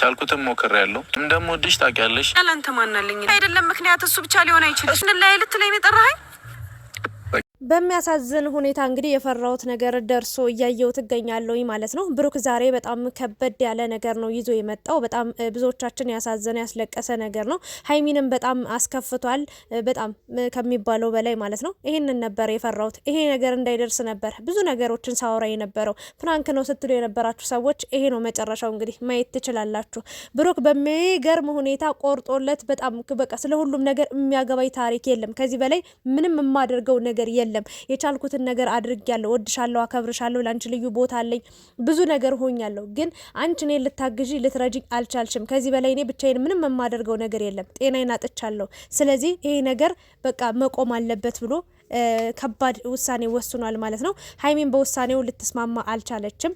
የቻልኩትን ሞክር ያለው ደግሞ ድሽ ታውቂያለሽ። ያላንተ ማናለኝ አይደለም ምክንያት እሱ ብቻ ሊሆን አይችልም። ላይ ልትለኝ የጠራኸኝ በሚያሳዝን ሁኔታ እንግዲህ የፈራሁት ነገር ደርሶ እያየሁት እገኛለሁኝ ማለት ነው። ብሩክ ዛሬ በጣም ከበድ ያለ ነገር ነው ይዞ የመጣው። በጣም ብዙዎቻችን ያሳዘነ ያስለቀሰ ነገር ነው። ሀይሚንም በጣም አስከፍቷል፣ በጣም ከሚባለው በላይ ማለት ነው። ይህንን ነበር የፈራሁት። ይሄ ነገር እንዳይደርስ ነበር ብዙ ነገሮችን ሳወራ የነበረው። ፕራንክ ነው ስትሉ የነበራችሁ ሰዎች ይሄ ነው መጨረሻው። እንግዲህ ማየት ትችላላችሁ። ብሩክ በሚገርም ሁኔታ ቆርጦለት በጣም በቃ ስለሁሉም ነገር የሚያገባኝ ታሪክ የለም ከዚህ በላይ ምንም የማደርገው ነገር የለም አይደለም። የቻልኩትን ነገር አድርጌያለሁ። ወድሻለሁ፣ አከብርሻለሁ፣ ለአንቺ ልዩ ቦታ አለኝ፣ ብዙ ነገር ሆኛለሁ። ግን አንቺ እኔን ልታግዢ ልትረጅኝ አልቻልሽም። ከዚህ በላይ እኔ ብቻዬን ምንም የማደርገው ነገር የለም። ጤናዬን አጥቻለሁ። ስለዚህ ይሄ ነገር በቃ መቆም አለበት ብሎ ከባድ ውሳኔ ወስኗል ማለት ነው። ሀይሚን በውሳኔው ልትስማማ አልቻለችም።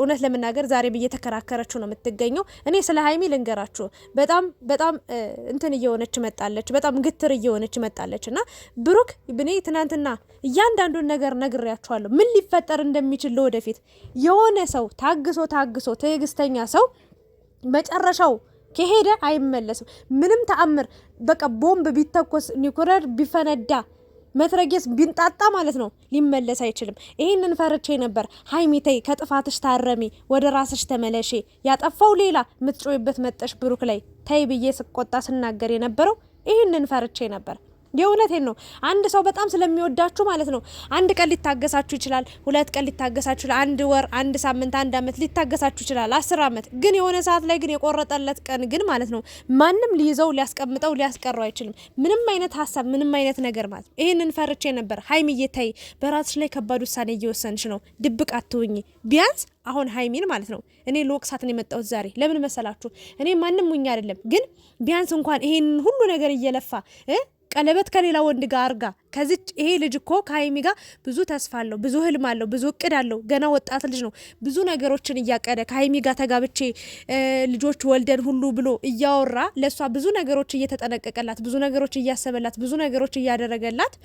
እውነት ለመናገር ዛሬ እየተከራከረችው ነው የምትገኘው። እኔ ስለ ሀይሚ ልንገራችሁ፣ በጣም በጣም እንትን እየሆነች መጣለች፣ በጣም ግትር እየሆነች መጣለች። እና ብሩክ ብኔ ትናንትና እያንዳንዱን ነገር ነግሬያችኋለሁ፣ ምን ሊፈጠር እንደሚችል ለወደፊት የሆነ ሰው ታግሶ ታግሶ ትዕግስተኛ ሰው መጨረሻው ከሄደ አይመለስም። ምንም ተአምር በቃ ቦምብ ቢተኮስ ኒኩረር ቢፈነዳ መትረጌስ ቢንጣጣ ማለት ነው ሊመለስ አይችልም። ይህንን ፈርቼ ነበር። ሀይሚተይ ከጥፋትሽ ታረሚ፣ ወደ ራስሽ ተመለሼ። ያጠፋው ሌላ ምትጮይበት መጠሽ ብሩክ ላይ ተይ ብዬ ስቆጣ ስናገር የነበረው ይህንን ፈርቼ ነበር። የእውነቴን ነው። አንድ ሰው በጣም ስለሚወዳችሁ ማለት ነው። አንድ ቀን ሊታገሳችሁ ይችላል። ሁለት ቀን ሊታገሳችሁ ይችላል። አንድ ወር፣ አንድ ሳምንት፣ አንድ አመት ሊታገሳችሁ ይችላል። አስር አመት ግን የሆነ ሰዓት ላይ ግን የቆረጠለት ቀን ግን ማለት ነው ማንም ሊይዘው ሊያስቀምጠው ሊያስቀረው አይችልም። ምንም አይነት ሀሳብ፣ ምንም አይነት ነገር ማለት ይሄንን ይህንን ፈርቼ ነበር። ሀይሚዬ ተይ፣ በራስሽ ላይ ከባድ ውሳኔ እየወሰንሽ ነው። ድብቅ አትውኝ። ቢያንስ አሁን ሀይሚን ማለት ነው እኔ ለወቅሳት ነው የመጣሁት ዛሬ። ለምን መሰላችሁ? እኔ ማንም ሙኝ አይደለም፣ ግን ቢያንስ እንኳን ይሄንን ሁሉ ነገር እየለፋ ቀለበት ከሌላ ወንድ ጋር አርጋ ከዚች ይሄ ልጅ እኮ ከሀይሚ ጋር ብዙ ተስፋ አለው፣ ብዙ ህልም አለው፣ ብዙ እቅድ አለው። ገና ወጣት ልጅ ነው። ብዙ ነገሮችን እያቀደ ከሀይሚ ጋር ተጋብቼ ልጆች ወልደን ሁሉ ብሎ እያወራ ለእሷ ብዙ ነገሮች እየተጠነቀቀላት፣ ብዙ ነገሮች እያሰበላት፣ ብዙ ነገሮች እያደረገላት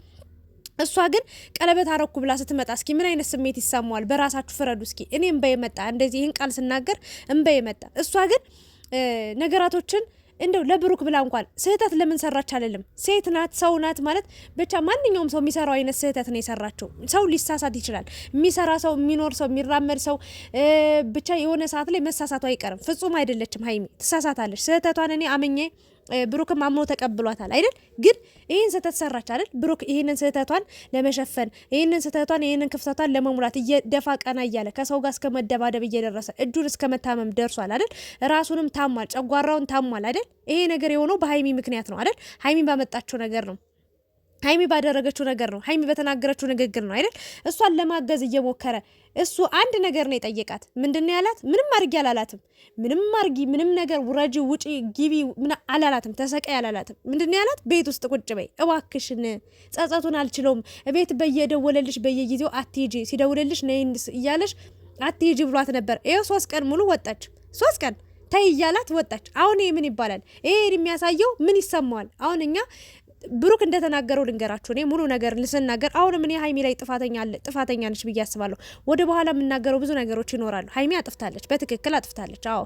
እሷ ግን ቀለበት አረኩ ብላ ስትመጣ እስኪ ምን አይነት ስሜት ይሰማዋል? በራሳችሁ ፍረዱ። እስኪ እኔ እምባ የመጣ እንደዚህ ይህን ቃል ስናገር እምባ የመጣ እሷ ግን ነገራቶችን እንደው ለብሩክ ብላ እንኳን ስህተት ለምን ሰራች አለልም። ሴት ናት፣ ሰው ናት ማለት ብቻ ማንኛውም ሰው የሚሰራው አይነት ስህተት ነው የሰራችው። ሰው ሊሳሳት ይችላል። የሚሰራ ሰው፣ የሚኖር ሰው፣ የሚራመድ ሰው ብቻ የሆነ ሰዓት ላይ መሳሳቱ አይቀርም። ፍጹም አይደለችም ሀይሚ፣ ትሳሳታለች። ስህተቷን እኔ አመኜ ብሩክም አምኖ ተቀብሏታል አይደል? ግን ይህን ስህተት ሰራች አይደል? ብሩክ ይህንን ስህተቷን ለመሸፈን ይህንን ስህተቷን ይህንን ክፍተቷን ለመሙላት እየደፋ ቀና እያለ ከሰው ጋር እስከ መደባደብ እየደረሰ እጁን እስከ መታመም ደርሷል አይደል? ራሱንም ታሟል፣ ጨጓራውን ታሟል አይደል? ይሄ ነገር የሆነው በሀይሚ ምክንያት ነው አይደል? ሀይሚን ባመጣችው ነገር ነው። ሀይሚ ባደረገችው ነገር ነው፣ ሀይሚ በተናገረችው ንግግር ነው አይደል? እሷን ለማገዝ እየሞከረ እሱ አንድ ነገር ነው የጠየቃት። ምንድን ያላት? ምንም አርጊ አላላትም። ምንም አርጊ፣ ምንም ነገር ውረጂ፣ ውጪ፣ ግቢ አላላትም። ተሰቃይ አላላትም። ምንድን ያላት? ቤት ውስጥ ቁጭ በይ እባክሽን፣ ጸጸቱን አልችለውም። ቤት በየደወለልሽ በየጊዜው አትሄጂ፣ ሲደውልልሽ ነይ እያለሽ አትሄጂ ብሏት ነበር። ይኸው ሶስት ቀን ሙሉ ወጣች። ሶስት ቀን ተይ እያላት ወጣች። አሁን ይሄ ምን ይባላል? ይሄ የሚያሳየው ምን ይሰማዋል? አሁን እኛ ብሩክ እንደተናገረው ልንገራችሁ። እኔ ሙሉ ነገር ልስናገር አሁን እኔ ሀይሚ ላይ ጥፋተኛ ነች ብዬ አስባለሁ። ወደ በኋላ የምናገረው ብዙ ነገሮች ይኖራሉ። ሀይሚ አጥፍታለች፣ በትክክል አጥፍታለች። አዎ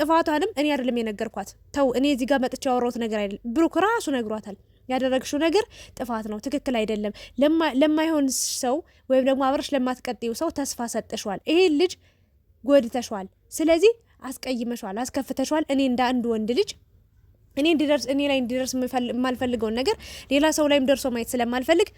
ጥፋቷንም እኔ አይደለም የነገርኳት። ተው እኔ እዚህ ጋር መጥቼ ያወራሁት ነገር አይደለም። ብሩክ ራሱ ነግሯታል። ያደረግሽው ነገር ጥፋት ነው፣ ትክክል አይደለም። ለማይሆን ሰው ወይም ደግሞ አብረሽ ለማትቀጥዩ ሰው ተስፋ ሰጥሸዋል። ይሄን ልጅ ጎድተሸዋል። ስለዚህ አስቀይመሸዋል፣ አስከፍተሸዋል። እኔ እንደ አንድ ወንድ ልጅ እኔ እንዲደርስ እኔ ላይ እንዲደርስ የማልፈልገውን ነገር ሌላ ሰው ላይም ደርሶ ማየት ስለማልፈልግ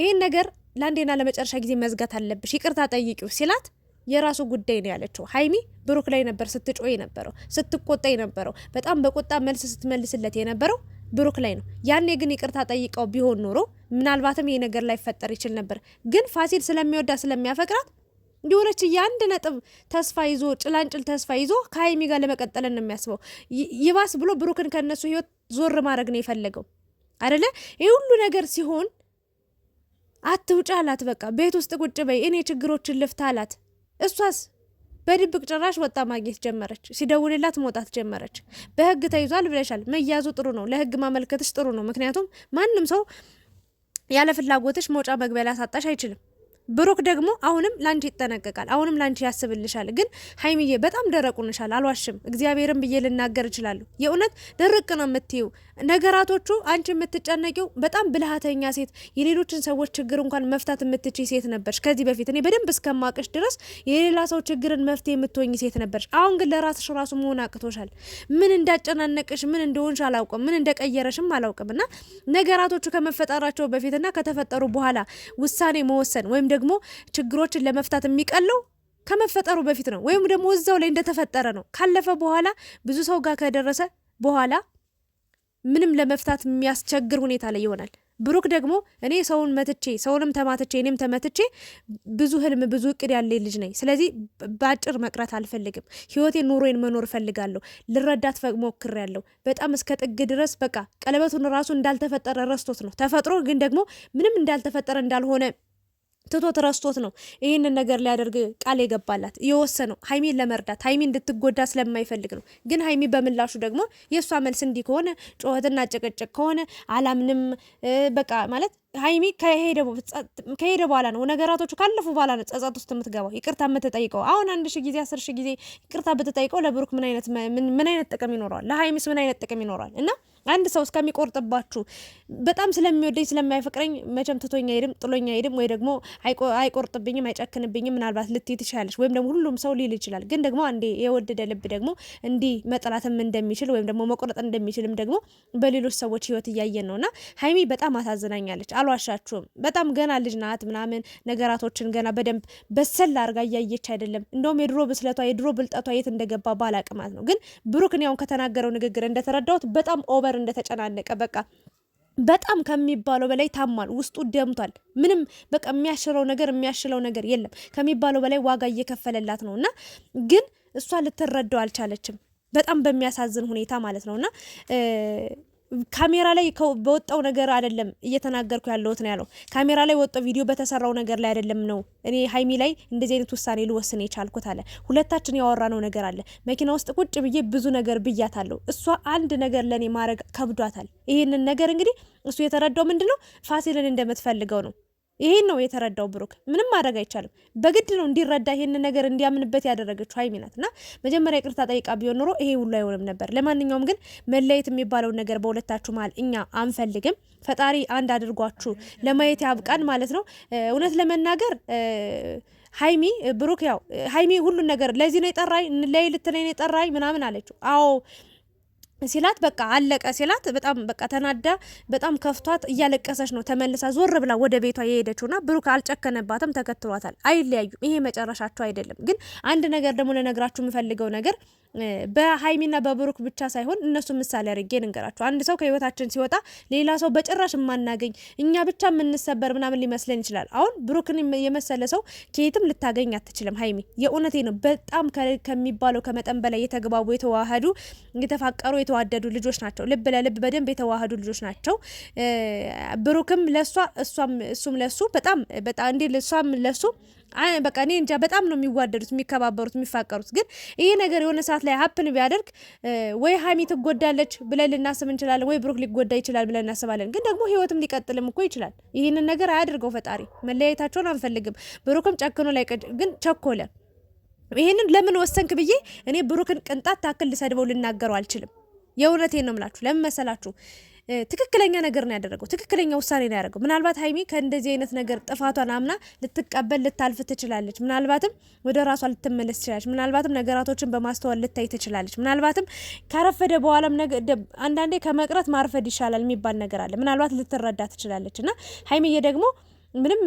ይህን ነገር ለአንዴና ለመጨረሻ ጊዜ መዝጋት አለብሽ፣ ይቅርታ ጠይቂው ሲላት የራሱ ጉዳይ ነው ያለችው። ሀይሚ ብሩክ ላይ ነበር ስትጮ የነበረው ስትቆጣ የነበረው በጣም በቁጣ መልስ ስትመልስለት የነበረው ብሩክ ላይ ነው። ያኔ ግን ይቅርታ ጠይቀው ቢሆን ኖሮ ምናልባትም ይህ ነገር ላይፈጠር ይችል ነበር። ግን ፋሲል ስለሚወዳ ስለሚያፈቅራት የሆነች የአንድ ነጥብ ተስፋ ይዞ ጭላንጭል ተስፋ ይዞ ከሀይሚ ጋር ለመቀጠል ነው የሚያስበው። ይባስ ብሎ ብሩክን ከነሱ ህይወት ዞር ማድረግ ነው የፈለገው አደለ? ይህ ሁሉ ነገር ሲሆን አትውጭ አላት። በቃ ቤት ውስጥ ቁጭ በይ፣ እኔ ችግሮችን ልፍታ አላት። እሷስ በድብቅ ጭራሽ ወጣ ማግኘት ጀመረች። ሲደውልላት መውጣት ጀመረች። በህግ ተይዟል ብለሻል። መያዙ ጥሩ ነው፣ ለህግ ማመልከትሽ ጥሩ ነው። ምክንያቱም ማንም ሰው ያለ ፍላጎትሽ መውጫ መግቢያ ላሳጣሽ አይችልም። ብሩክ ደግሞ አሁንም ላንቺ ይጠነቀቃል፣ አሁንም ላንቺ ያስብልሻል። ግን ሀይሚዬ በጣም ደረቁንሻል፣ አልዋሽም። እግዚአብሔርን ብዬ ልናገር እችላለሁ። የእውነት ድርቅ ነው የምትይው ነገራቶቹ። አንቺ የምትጨነቂው በጣም ብልሃተኛ ሴት፣ የሌሎችን ሰዎች ችግር እንኳን መፍታት የምትችይ ሴት ነበርሽ ከዚህ በፊት እኔ በደንብ እስከማቅሽ ድረስ የሌላ ሰው ችግርን መፍትሄ የምትወኝ ሴት ነበርሽ። አሁን ግን ለራስሽ ራሱ መሆን አቅቶሻል። ምን እንዳጨናነቅሽ ምን እንደሆንሽ አላውቅም፣ ምን እንደቀየረሽም አላውቅም። እና ነገራቶቹ ከመፈጠራቸው በፊትና ከተፈጠሩ በኋላ ውሳኔ መወሰን ወይም ደግሞ ችግሮችን ለመፍታት የሚቀለው ከመፈጠሩ በፊት ነው፣ ወይም ደግሞ እዛው ላይ እንደተፈጠረ ነው። ካለፈ በኋላ ብዙ ሰው ጋር ከደረሰ በኋላ ምንም ለመፍታት የሚያስቸግር ሁኔታ ላይ ይሆናል። ብሩክ ደግሞ እኔ ሰውን መትቼ ሰውንም ተማትቼ እኔም ተመትቼ ብዙ ህልም ብዙ እቅድ ያለኝ ልጅ ነኝ። ስለዚህ በአጭር መቅረት አልፈልግም። ህይወቴን ኑሮዬን መኖር እፈልጋለሁ። ልረዳት ያለው በጣም እስከ ጥግ ድረስ በቃ ቀለበቱን ራሱ እንዳልተፈጠረ ረስቶት ነው። ተፈጥሮ ግን ደግሞ ምንም እንዳልተፈጠረ እንዳልሆነ ትቶት ረስቶት ነው ይህንን ነገር ሊያደርግ ቃል የገባላት የወሰነው ሀይሚን ለመርዳት ሀይሚ እንድትጎዳ ስለማይፈልግ ነው። ግን ሀይሚ በምላሹ ደግሞ የእሷ መልስ እንዲህ ከሆነ ጩኸትና ጭቅጭቅ ከሆነ አላምንም በቃ ማለት ሀይሚ ከሄደ በኋላ ነው ነገራቶቹ ካለፉ በኋላ ነው ጸጸት ውስጥ የምትገባው ይቅርታ የምትጠይቀው። አሁን አንድ ሺ ጊዜ አስር ሺ ጊዜ ይቅርታ ብትጠይቀው ለብሩክ ምን አይነት ምን አይነት ጥቅም ይኖረዋል? ለሀይሚስ ምን አይነት ጥቅም ይኖረዋል? እና አንድ ሰው እስከሚቆርጥባችሁ በጣም ስለሚወደኝ ስለማይፈቅረኝ መቼም ትቶኝ አይሄድም ጥሎኛ አይሄድም፣ ወይ ደግሞ አይቆርጥብኝም አይጨክንብኝም ምናልባት ልትይ ትችላለች፣ ወይም ደግሞ ሁሉም ሰው ሊል ይችላል። ግን ደግሞ አንዴ የወደደ ልብ ደግሞ እንዲህ መጠላትም እንደሚችል ወይም ደግሞ መቆረጥ እንደሚችልም ደግሞ በሌሎች ሰዎች ህይወት እያየን ነውና ሀይሚ በጣም አሳዝናኛለች። አልዋሻችሁም። በጣም ገና ልጅ ናት ምናምን ነገራቶችን ገና በደንብ በሰል አድርጋ እያየች አይደለም። እንደውም የድሮ ብስለቷ የድሮ ብልጠቷ የት እንደገባ ባላቅም ማለት ነው። ግን ብሩክን ያውን ከተናገረው ንግግር እንደተረዳሁት በጣም ኦቨር እንደተጨናነቀ በቃ በጣም ከሚባለው በላይ ታሟል። ውስጡ ደምቷል። ምንም በቃ የሚያሽለው ነገር የሚያሽለው ነገር የለም። ከሚባለው በላይ ዋጋ እየከፈለላት ነው እና ግን እሷ ልትረዳው አልቻለችም። በጣም በሚያሳዝን ሁኔታ ማለት ነውና ካሜራ ላይ በወጣው ነገር አይደለም እየተናገርኩ ያለሁት ነው ያለው። ካሜራ ላይ ወጣው ቪዲዮ በተሰራው ነገር ላይ አይደለም ነው እኔ ሀይሚ ላይ እንደዚህ አይነት ውሳኔ ልወስን የቻልኩት አለ። ሁለታችን ያወራ ነው ነገር አለ። መኪና ውስጥ ቁጭ ብዬ ብዙ ነገር ብያታለሁ። እሷ አንድ ነገር ለእኔ ማድረግ ከብዷታል። ይህንን ነገር እንግዲህ እሱ የተረዳው ምንድን ነው ፋሲልን እንደምትፈልገው ነው ይሄን ነው የተረዳው ብሩክ። ምንም ማድረግ አይቻልም። በግድ ነው እንዲረዳ ይሄን ነገር እንዲያምንበት ያደረገችው ሀይሚ ናት እና መጀመሪያ ይቅርታ ጠይቃ ቢሆን ኖሮ ይሄ ሁሉ አይሆንም ነበር። ለማንኛውም ግን መለየት የሚባለውን ነገር በሁለታችሁ መሀል እኛ አንፈልግም። ፈጣሪ አንድ አድርጓችሁ ለማየት ያብቃን ማለት ነው። እውነት ለመናገር ሀይሚ ብሩክ ያው ሀይሚ ሁሉን ነገር ለዚህ ነው የጠራኝ፣ ለይ ልትለኝ ነው የጠራኝ ምናምን አለችው። አዎ ሲላት በቃ አለቀ ሲላት፣ በጣም በቃ ተናዳ በጣም ከፍቷት እያለቀሰች ነው ተመልሳ ዞር ብላ ወደ ቤቷ ና ብሩክ አልጨከነባትም፣ ተከትሏታል። አይለያዩም። ይሄ መጨረሻቸው አይደለም። ግን አንድ ነገር ደግሞ ልነግራችሁ የምፈልገው ነገር በሀይሚና በብሩክ ብቻ ሳይሆን እነሱ ምሳሌ አድርጌ ልንገራቸው። አንድ ሰው ከህይወታችን ሲወጣ ሌላ ሰው በጭራሽ የማናገኝ እኛ ብቻ የምንሰበር ምናምን ሊመስለን ይችላል። አሁን ብሩክን የመሰለ ሰው ከየትም ልታገኝ አትችልም። ሀይሚ የእውነቴ ነው። በጣም ከሚባለው ከመጠን በላይ የተግባቡ፣ የተዋህዱ፣ የተፋቀሩ፣ የተዋደዱ ልጆች ናቸው። ልብ ለልብ በደንብ የተዋህዱ ልጆች ናቸው። ብሩክም ለሷ እሷም እሱም ለሱ በጣም በጣም እሷም ለሱ በቃ እኔ እንጃ በጣም ነው የሚዋደዱት፣ የሚከባበሩት፣ የሚፋቀሩት ግን ይሄ ነገር የሆነ ሰ ሰዓት ላይ ሀፕን ቢያደርግ ወይ ሀሚ ትጎዳለች ብለን ልናስብ እንችላለን፣ ወይ ብሩክ ሊጎዳ ይችላል ብለን እናስባለን። ግን ደግሞ ህይወትም ሊቀጥልም እኮ ይችላል። ይህንን ነገር አያድርገው ፈጣሪ። መለያየታቸውን አንፈልግም። ብሩክም ጨክኖ ላይ ግን ቸኮለ። ይህንን ለምን ወሰንክ ብዬ እኔ ብሩክን ቅንጣት ታክል ልሰድበው ልናገረው አልችልም። የእውነቴን ነው የምላችሁ። ለምን መሰላችሁ? ትክክለኛ ነገር ነው ያደረገው። ትክክለኛ ውሳኔ ነው ያደረገው። ምናልባት ሀይሚ ከእንደዚህ አይነት ነገር ጥፋቷን አምና ልትቀበል ልታልፍ ትችላለች። ምናልባትም ወደ ራሷ ልትመለስ ትችላለች። ምናልባትም ነገራቶችን በማስተዋል ልታይ ትችላለች። ምናልባትም ካረፈደ በኋላም አንዳንዴ ከመቅረት ማርፈድ ይሻላል የሚባል ነገር አለ። ምናልባት ልትረዳ ትችላለች እና ሀይሚዬ ደግሞ ምንም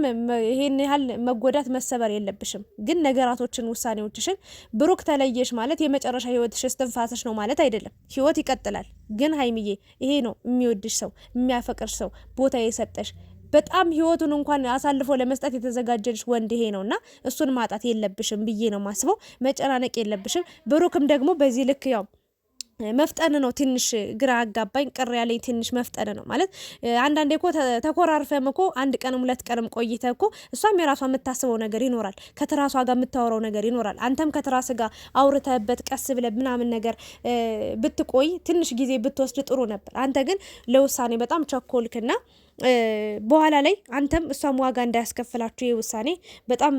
ይሄን ያህል መጎዳት መሰበር የለብሽም። ግን ነገራቶችን፣ ውሳኔዎችሽን ብሩክ ተለየሽ ማለት የመጨረሻ ህይወትሽ እስትንፋስሽ ነው ማለት አይደለም። ህይወት ይቀጥላል። ግን ሀይሚዬ ይሄ ነው የሚወድሽ ሰው የሚያፈቅርሽ ሰው ቦታ የሰጠሽ በጣም ህይወቱን እንኳን አሳልፎ ለመስጠት የተዘጋጀልሽ ወንድ ይሄ ነውና እሱን ማጣት የለብሽም ብዬ ነው ማስበው። መጨናነቅ የለብሽም ብሩክም ደግሞ በዚህ ልክ ያው መፍጠን ነው ትንሽ ግራ አጋባኝ ቅር ያለኝ ትንሽ መፍጠን ነው ማለት አንዳንዴ እኮ ተኮራርፈም እኮ አንድ ቀንም ሁለት ቀንም ቆይተ እኮ እሷም የራሷ የምታስበው ነገር ይኖራል ከትራሷ ጋር የምታወራው ነገር ይኖራል አንተም ከትራስ ጋር አውርተህበት ቀስ ብለ ምናምን ነገር ብትቆይ ትንሽ ጊዜ ብትወስድ ጥሩ ነበር አንተ ግን ለውሳኔ በጣም ቸኮልክና በኋላ ላይ አንተም እሷም ዋጋ እንዳያስከፍላችሁ ይህ ውሳኔ በጣም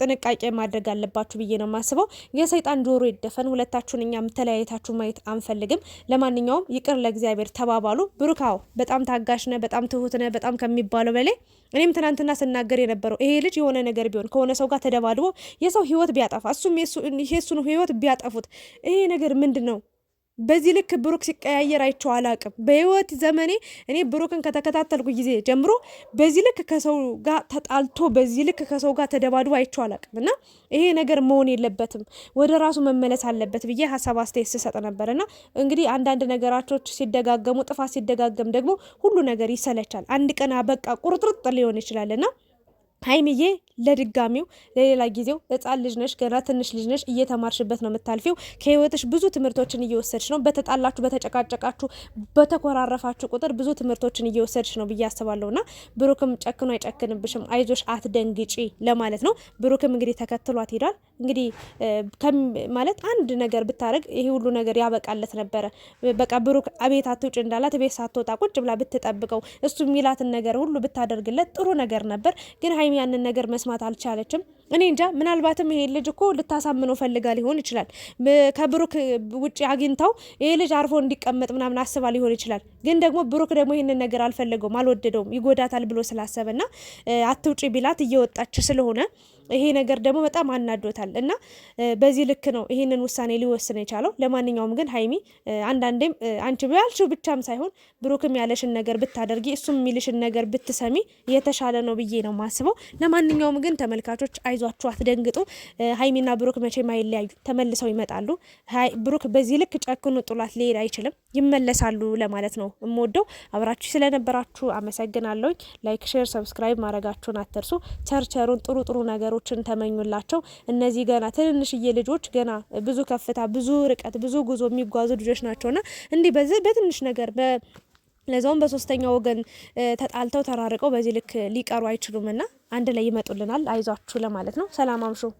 ጥንቃቄ ማድረግ አለባችሁ ብዬ ነው የማስበው። የሰይጣን ጆሮ ይደፈን። ሁለታችሁን እኛ ተለያየታችሁ ማየት አንፈልግም። ለማንኛውም ይቅር ለእግዚአብሔር ተባባሉ። ብሩካው በጣም ታጋሽ በጣም ትሁት በጣም ከሚባለው በላይ እኔም ትናንትና ስናገር የነበረው ይሄ ልጅ የሆነ ነገር ቢሆን ከሆነ ሰው ጋር ተደባድቦ የሰው ህይወት ቢያጠፋ እሱም የሱን ህይወት ቢያጠፉት ይሄ ነገር ምንድን ነው? በዚህ ልክ ብሩክ ሲቀያየር አይቼው አላቅም። በህይወት ዘመኔ እኔ ብሩክን ከተከታተልኩ ጊዜ ጀምሮ በዚህ ልክ ከሰው ጋር ተጣልቶ በዚህ ልክ ከሰው ጋር ተደባድቦ አይቼው አላቅም እና ይሄ ነገር መሆን የለበትም፣ ወደ ራሱ መመለስ አለበት ብዬ ሀሳብ አስተያየት ስሰጥ ነበር። እና እንግዲህ አንዳንድ ነገራቶች ሲደጋገሙ፣ ጥፋት ሲደጋገም ደግሞ ሁሉ ነገር ይሰለቻል። አንድ ቀን በቃ ቁርጥርጥ ሊሆን ይችላል እና ሀይሚዬ ለድጋሚው ለሌላ ጊዜው ህጻን ልጅ ነሽ፣ ገና ትንሽ ልጅ ነሽ። እየተማርሽበት ነው የምታልፊው። ከህይወትሽ ብዙ ትምህርቶችን እየወሰድሽ ነው። በተጣላችሁ፣ በተጨቃጨቃችሁ፣ በተኮራረፋችሁ ቁጥር ብዙ ትምህርቶችን እየወሰድሽ ነው ብዬ አስባለሁ። ና ብሩክም ጨክኖ አይጨክንብሽም። አይዞሽ፣ አትደንግጪ ለማለት ነው። ብሩክም እንግዲህ ተከትሏት ሄዷል። እንግዲህ ማለት አንድ ነገር ብታደረግ ይሄ ሁሉ ነገር ያበቃለት ነበረ። በቃ ብሩክ አቤት አትውጭ እንዳላት ቤት ሳትወጣ ቁጭ ብላ ብትጠብቀው እሱ የሚላትን ነገር ሁሉ ብታደርግለት ጥሩ ነገር ነበር ግን ሀይሚ ያንን ነገር መስማት አልቻለችም። እኔ እንጃ፣ ምናልባትም ይሄ ልጅ እኮ ልታሳምኖ ፈልጋ ሊሆን ይችላል። ከብሩክ ውጭ አግኝታው ይሄ ልጅ አርፎ እንዲቀመጥ ምናምን አስባ ሊሆን ይችላል። ግን ደግሞ ብሩክ ደግሞ ይህንን ነገር አልፈለገውም፣ አልወደደውም፣ ይጎዳታል ብሎ ስላሰበና አትውጪ ቢላት እየወጣች ስለሆነ ይሄ ነገር ደግሞ በጣም አናዶታል እና በዚህ ልክ ነው ይህንን ውሳኔ ሊወስን የቻለው። ለማንኛውም ግን ሀይሚ አንዳንዴም አንቺ ያልሽው ብቻም ሳይሆን ብሩክም ያለሽን ነገር ብታደርጊ እሱም የሚልሽን ነገር ብትሰሚ የተሻለ ነው ብዬ ነው ማስበው። ለማንኛውም ግን ተመልካቾች አይዟችሁ፣ አትደንግጡ። ሀይሚና ብሩክ መቼም አይለያዩ፣ ተመልሰው ይመጣሉ። ብሩክ በዚህ ልክ ጨክኑ ጥሏት ሊሄድ አይችልም፣ ይመለሳሉ ለማለት ነው። እምወደው አብራችሁ ስለነበራችሁ አመሰግናለሁኝ። ላይክ፣ ሼር፣ ሰብስክራይብ ማድረጋችሁን አትርሱ። ቸርቸሩን ጥሩ ጥሩ ነገሩ ነገሮችን ተመኙላቸው። እነዚህ ገና ትንንሽዬ ልጆች ገና ብዙ ከፍታ፣ ብዙ ርቀት፣ ብዙ ጉዞ የሚጓዙ ልጆች ናቸውና እንዲህ በዚህ በትንሽ ነገር ለዛውም በሶስተኛ ወገን ተጣልተው ተራርቀው በዚህ ልክ ሊቀሩ አይችሉምና አንድ ላይ ይመጡልናል። አይዟችሁ ለማለት ነው። ሰላም አምሹ።